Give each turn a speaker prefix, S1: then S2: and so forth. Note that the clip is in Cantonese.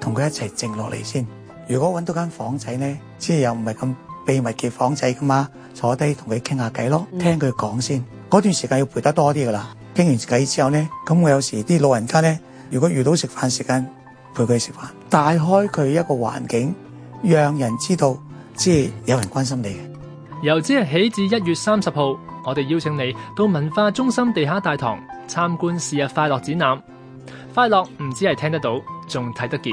S1: 同佢一齊靜落嚟先。如果揾到間房仔呢，即係又唔係咁秘密嘅房仔噶嘛，坐低同佢傾下偈咯，聽佢講先。嗰、嗯、段時間要陪得多啲噶啦。傾完偈之後呢，咁我有時啲老人家呢，如果遇到食飯時間，陪佢食飯，帶開佢一個環境，讓人知道即係有人關心你嘅。
S2: 由即日起至一月三十號，我哋邀請你到文化中心地下大堂參觀是日快樂展覽。快樂唔止係聽得到，仲睇得見。